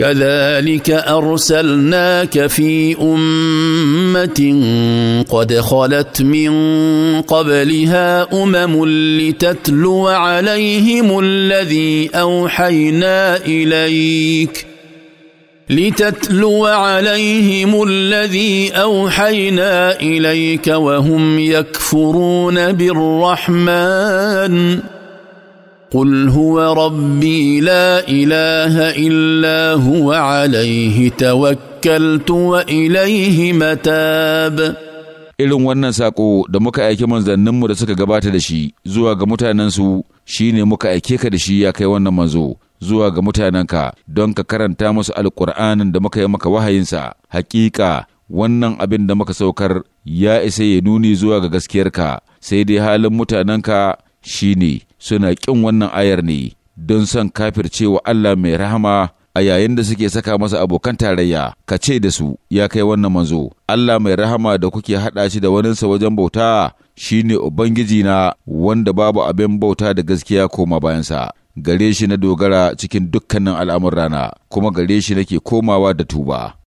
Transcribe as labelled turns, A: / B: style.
A: كذلك ارسلناك في امه قد خلت من قبلها امم لتتلو عليهم الذي اوحينا اليك لتتلو عليهم الذي اوحينا اليك وهم يكفرون بالرحمن قل هو ربي لا اله الا هو عليه توكلت واليه متاب
B: irin wannan saƙo da muka aiki manzanninmu da suka gabata da shi zuwa ga mutanensu shi ne muka aike ka da shi ya kai wannan manzo zuwa ga mutanenka don ka karanta musu alƙur'anin da muka yi maka wahayinsa hakika wannan abin da muka saukar ya isa ya nuni zuwa ga gaskiyarka sai dai halin mutanenka shi ne suna ƙin wannan ayar ne don son kafircewa Allah mai rahama a yayin da suke saka masa abokan tarayya ka ce da su ya kai wannan manzo Allah mai rahama da kuke haɗa shi da waninsa wajen bauta shine ubangiji na wanda babu abin bauta da gaskiya koma bayansa gare shi na dogara cikin dukkanin rana kuma gare shi nake komawa da tuba